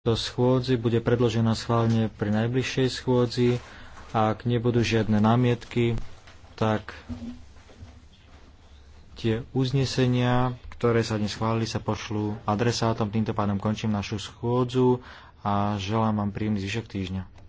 do schôdzi bude predložená schválne pri najbližšej schôdzi a ak nebudú žiadne námietky, tak tie uznesenia, ktoré sa dnes schválili, sa pošlú adresátom. Týmto pádom končím našu schôdzu a želám vám príjemný zvyšok týždňa.